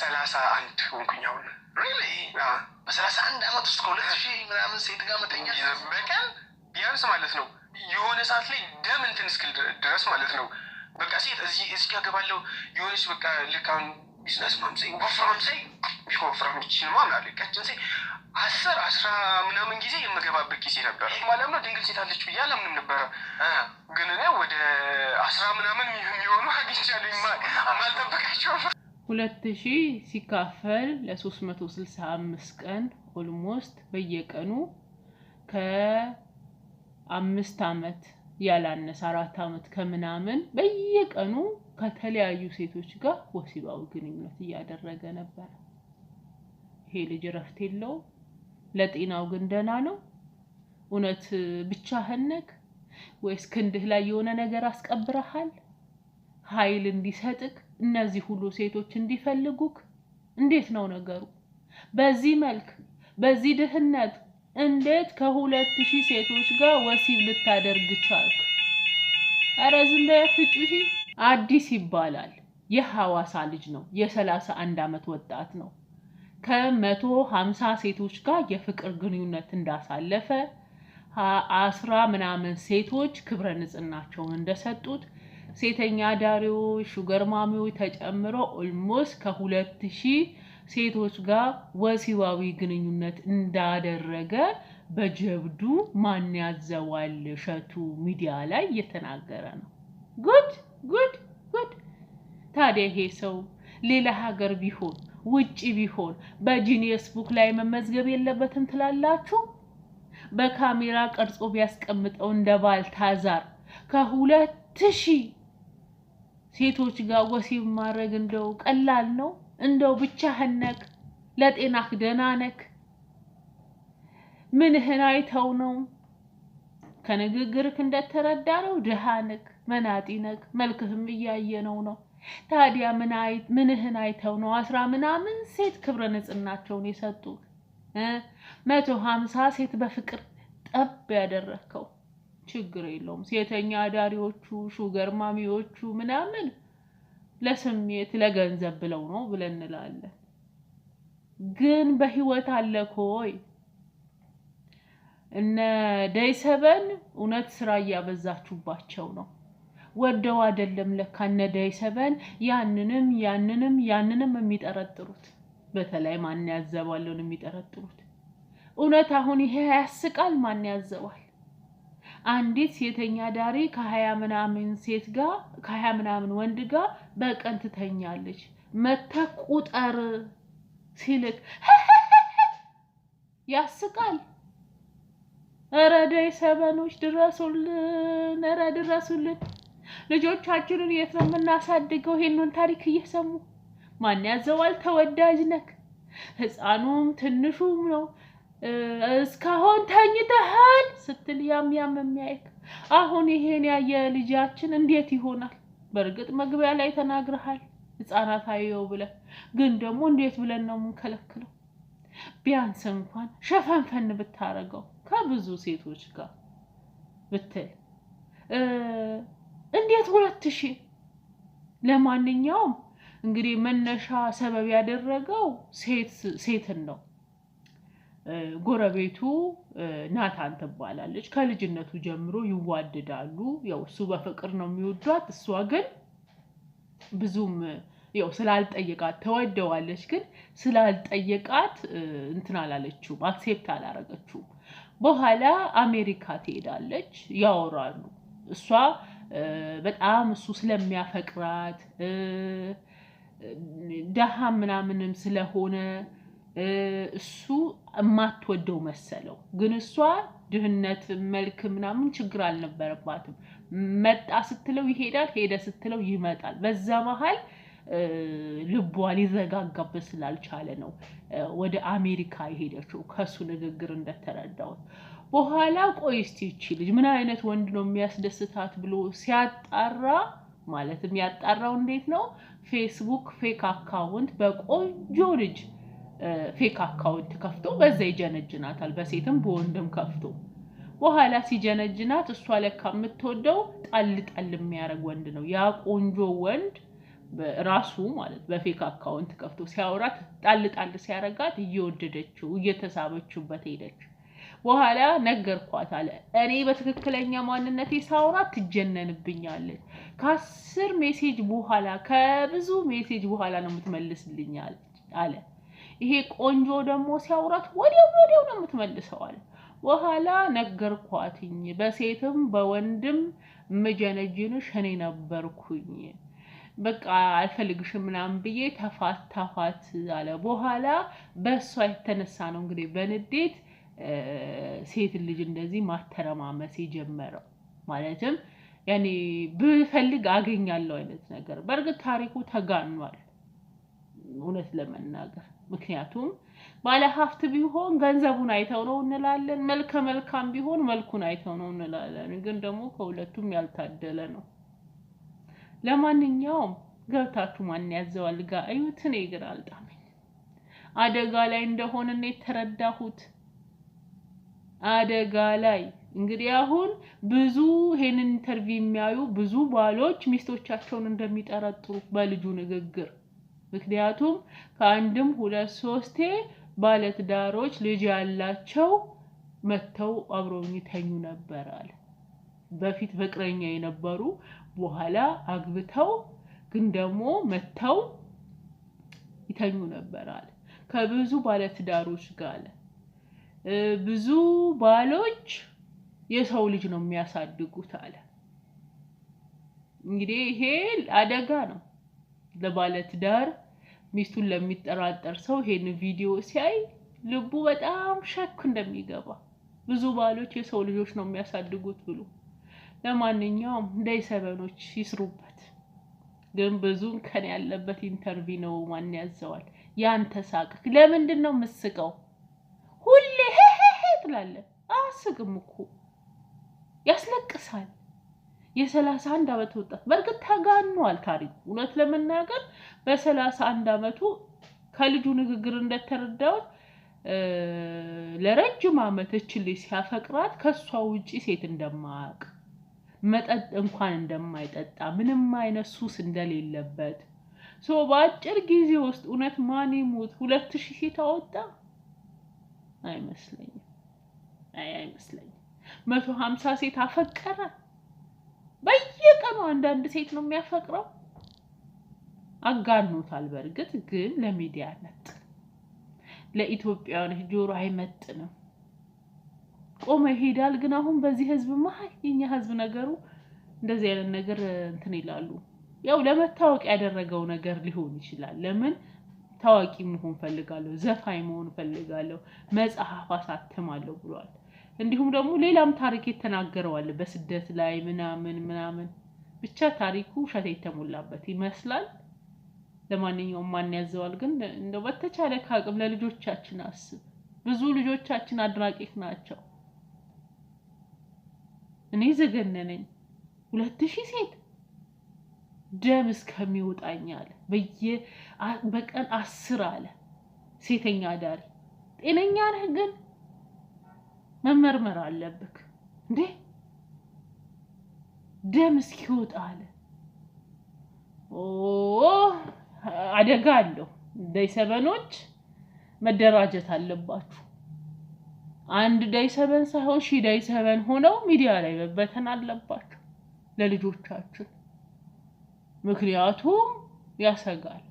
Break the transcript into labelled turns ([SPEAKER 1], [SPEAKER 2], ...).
[SPEAKER 1] ሰላሳ አንድ ሆንኩኝ አሁን
[SPEAKER 2] በሰላሳ አንድ አመት ውስጥ ከሁለት ሺ ምናምን ሴት ጋር መተኛ
[SPEAKER 1] በቀን ቢያንስ ማለት ነው የሆነ ሰዓት ላይ ደም እንትን እስክል ድረስ ማለት ነው። በቃ ሴት እዚህ እዚህ ያገባለው የሆነች በቃ ልክ አሁን ቢዝነስ ማምሰኝ ወፍራም ሰይ ወፍራም ይችል ማለት ቀጭን ሰይ አስር አስራ ምናምን ጊዜ የምገባበት ጊዜ ነበር ማለት ነው። ድንግል ሴት አለች ብዬ አላምንም ነበረ። ግን እኔ ወደ አስራ ምናምን የሚሆኑ አግኝቻለሁ ማልጠበቃቸው
[SPEAKER 3] ሁለት ሺህ ሲካፈል ለ365 ቀን ኦልሞስት በየቀኑ ከአምስት ዓመት ያላነሰ አራት ዓመት ከምናምን በየቀኑ ከተለያዩ ሴቶች ጋር ወሲባዊ ግንኙነት እያደረገ ነበር። ይሄ ልጅ እረፍት ለጤናው ግን ደህና ነው? እውነት ብቻህን ነህ ወይስ ክንድህ ላይ የሆነ ነገር አስቀብረሃል ኃይል እንዲሰጥክ እነዚህ ሁሉ ሴቶች እንዲፈልጉክ እንዴት ነው ነገሩ? በዚህ መልክ በዚህ ድህነት እንዴት ከሁለት ሺህ ሴቶች ጋር ወሲብ ልታደርግ ቻልክ? አረ ዝም በይ አትጩሂ። አዲስ ይባላል የሐዋሳ ልጅ ነው። የሰላሳ አንድ ዓመት ወጣት ነው። ከመቶ ሀምሳ ሴቶች ጋር የፍቅር ግንኙነት እንዳሳለፈ አስራ ምናምን ሴቶች ክብረ ንጽህናቸውን እንደሰጡት ሴተኛ አዳሪዎች፣ ሹገር ማሚዎች ተጨምሮ ኦልሞስት ከሁለት ሺህ ሴቶች ጋር ወሲባዊ ግንኙነት እንዳደረገ በጀብዱ ማን ያዘዋል እሸቱ ሚዲያ ላይ እየተናገረ ነው። ጉድ ጉድ ጉድ! ታዲያ ይሄ ሰው ሌላ ሀገር ቢሆን ውጭ ቢሆን በጂኒየስ ቡክ ላይ መመዝገብ የለበትም ትላላችሁ? በካሜራ ቀርጾ ቢያስቀምጠው እንደ ባልታዛር ከሁለት ሺህ ሴቶች ጋር ወሲብ ማድረግ እንደው ቀላል ነው? እንደው ብቻህን ነክ? ለጤናህ ደህና ነክ? ምንህን አይተው ነው? ከንግግርህ እንደተረዳ ነው ድሃ ነክ፣ መናጢ ነክ፣ መልክህም እያየ ነው ነው። ታዲያ ምንህን አይተው ነው አስራ ምናምን ሴት ክብረ ንጽህናቸውን የሰጡህ? መቶ ሀምሳ ሴት በፍቅር ጠብ ያደረግከው ችግር የለውም። ሴተኛ አዳሪዎቹ ሹገር ማሚዎቹ ምናምን ለስሜት ለገንዘብ ብለው ነው ብለን እንላለን። ግን በህይወት አለ ኮይ እነ ደይሰበን እውነት ስራ እያበዛችሁባቸው ነው። ወደው አይደለም ለካ እነ ደይሰበን ያንንም ያንንም ያንንም የሚጠረጥሩት በተለይ ማን ያዘባለውን የሚጠረጥሩት እውነት አሁን ይሄ ያስቃል። ማን ያዘባል? አንዲት ሴተኛ ዳሪ ከሀያ ምናምን ሴት ጋር ከሀያ ምናምን ወንድ ጋር በቀን ትተኛለች። መተቁጠር ቁጠር ሲልክ ያስቃል። ረዳይ ሰበኖች ድረሱልን፣ ረ ድረሱልን። ልጆቻችንን የት ነው የምናሳድገው? ይሄንን ታሪክ እየሰሙ ማን ያዘዋል? ተወዳጅ ነክ ህፃኑም ትንሹም ነው እስካሁን ተኝተሃል ስትል ያም ያም የሚያይክ አሁን ይሄን ያየ ልጃችን እንዴት ይሆናል? በእርግጥ መግቢያ ላይ ተናግረሃል ህፃናት አየው ብለን ግን ደግሞ እንዴት ብለን ነው የምንከለክለው? ቢያንስ እንኳን ሸፈንፈን ብታረገው ከብዙ ሴቶች ጋር ብትል እንዴት ሁለት ሺህ ለማንኛውም እንግዲህ መነሻ ሰበብ ያደረገው ሴትን ነው ጎረቤቱ ናታን ትባላለች። ከልጅነቱ ጀምሮ ይዋደዳሉ። ያው እሱ በፍቅር ነው የሚወዷት። እሷ ግን ብዙም ያው ስላልጠየቃት ተወደዋለች፣ ግን ስላልጠየቃት እንትን አላለችውም፣ አክሴፕት አላረገችውም። በኋላ አሜሪካ ትሄዳለች፣ ያወራሉ። እሷ በጣም እሱ ስለሚያፈቅራት ደሃ ምናምንም ስለሆነ እሱ እማትወደው መሰለው። ግን እሷ ድህነት መልክ ምናምን ችግር አልነበረባትም። መጣ ስትለው ይሄዳል፣ ሄደ ስትለው ይመጣል። በዛ መሀል ልቧ ሊዘጋጋበት ስላልቻለ ነው ወደ አሜሪካ የሄደችው ከሱ ንግግር እንደተረዳሁት። በኋላ ቆይ ይቺ ልጅ ምን አይነት ወንድ ነው የሚያስደስታት ብሎ ሲያጣራ ማለትም ያጣራው እንዴት ነው ፌስቡክ ፌክ አካውንት በቆንጆ ልጅ ፌክ አካውንት ከፍቶ በዛ ይጀነጅናታል። በሴትም በወንድም ከፍቶ በኋላ ሲጀነጅናት እሷ ለካ የምትወደው ጣል ጣል የሚያደርግ ወንድ ነው። ያ ቆንጆ ወንድ ራሱ ማለት በፌክ አካውንት ከፍቶ ሲያወራት ጣል ጣል ሲያደርጋት እየወደደችው እየተሳበችበት ሄደች። በኋላ ነገርኳት አለ። እኔ በትክክለኛ ማንነቴ ሳውራት ትጀነንብኛለች። ከአስር ሜሴጅ በኋላ ከብዙ ሜሴጅ በኋላ ነው የምትመልስልኝ አለ ይሄ ቆንጆ ደግሞ ሲያውራት ወዲያው ወዲያው ነው የምትመልሰዋል። በኋላ ነገርኳትኝ በሴትም በወንድም ምጀነጅንሽ እኔ ነበርኩኝ በቃ አልፈልግሽም ምናምን ብዬ ተፋት ተፋት አለ። በኋላ በእሷ የተነሳ ነው እንግዲህ በንዴት ሴት ልጅ እንደዚህ ማተረማመስ የጀመረው ማለትም ያኔ ብፈልግ አገኛለሁ አይነት ነገር። በእርግጥ ታሪኩ ተጋኗል እውነት ለመናገር ምክንያቱም ባለ ሀብት ቢሆን ገንዘቡን አይተው ነው እንላለን። መልከ መልካም ቢሆን መልኩን አይተው ነው እንላለን። ግን ደግሞ ከሁለቱም ያልታደለ ነው። ለማንኛውም ገብታችሁ ማን ያዘዋል ጋ እዩት። እኔ ግን አልጣመኝ። አደጋ ላይ እንደሆነ ነው የተረዳሁት። አደጋ ላይ እንግዲህ አሁን ብዙ ይሄንን ኢንተርቪው የሚያዩ ብዙ ባሎች ሚስቶቻቸውን እንደሚጠረጥሩ በልጁ ንግግር ምክንያቱም ከአንድም ሁለት ሶስቴ ባለትዳሮች ልጅ ያላቸው መጥተው አብረውኝ ይተኙ ነበር አለ። በፊት ፍቅረኛ የነበሩ በኋላ አግብተው ግን ደግሞ መጥተው ይተኙ ነበር አለ። ከብዙ ባለትዳሮች ጋር ብዙ ባሎች የሰው ልጅ ነው የሚያሳድጉት አለ። እንግዲህ ይሄ አደጋ ነው። ለባለ ትዳር ሚስቱን ለሚጠራጠር ሰው ይሄን ቪዲዮ ሲያይ ልቡ በጣም ሸክ እንደሚገባ ብዙ ባሎች የሰው ልጆች ነው የሚያሳድጉት ብሎ ለማንኛውም እንደይ ሰበኖች ይስሩበት። ግን ብዙን ከን ያለበት ኢንተርቪ ነው። ማን ያዘዋል? ያንተ ሳቅ ለምንድን ነው ምስቀው? ሁሌ ትላለ። አስቅም እኮ ያስለቅሳል። የሰላሳ አንድ ዓመት ወጣት በእርግጥ ተጋኗል ታሪኩ። እውነት ለመናገር በሰላሳ አንድ ዓመቱ ከልጁ ንግግር እንደተረዳሁት ለረጅም ዓመት እችል ሲያፈቅራት ከእሷ ውጪ ሴት እንደማያውቅ መጠጥ እንኳን እንደማይጠጣ ምንም አይነት ሱስ እንደሌለበት ሶ በአጭር ጊዜ ውስጥ እውነት ማን ይሙት ሁለት ሺህ ሴት አወጣ አይመስለኝም። አይ አይመስለኝም። መቶ ሀምሳ ሴት አፈቀረ። በጣም አንዳንድ ሴት ነው የሚያፈቅረው። አጋኖታል። በእርግጥ ግን ለሚዲያ መጥ ለኢትዮጵያውያን ጆሮ አይመጥንም። ቆመ ይሄዳል። ግን አሁን በዚህ ህዝብ መሀል የኛ ህዝብ ነገሩ እንደዚህ አይነት ነገር እንትን ይላሉ። ያው ለመታወቅ ያደረገው ነገር ሊሆን ይችላል። ለምን ታዋቂ መሆን ፈልጋለሁ፣ ዘፋኝ መሆን ፈልጋለሁ፣ መጽሐፍ አሳትማለሁ ብሏል። እንዲሁም ደግሞ ሌላም ታሪክ የተናገረዋል በስደት ላይ ምናምን ምናምን ብቻ ታሪኩ ውሸት የተሞላበት ይመስላል። ለማንኛውም ማን ያዘዋል ግን እንደው በተቻለ ከአቅም ለልጆቻችን አስብ። ብዙ ልጆቻችን አድራቂት ናቸው። እኔ ዘገነነኝ። ሁለት ሺህ ሴት ደም እስከሚወጣኝ አለ። በቀን አስር አለ ሴተኛ አዳሪ። ጤነኛ ነህ ግን መመርመር አለብክ እንዴ ደም እስኪወጣ አለ። አደጋ አለው። ዳይሰበኖች መደራጀት አለባችሁ። አንድ ዳይሰበን ሳይሆን ደይ ዳይሰበን ሆነው ሚዲያ ላይ መበተን አለባችሁ ለልጆቻችን፣ ምክንያቱም ያሰጋል።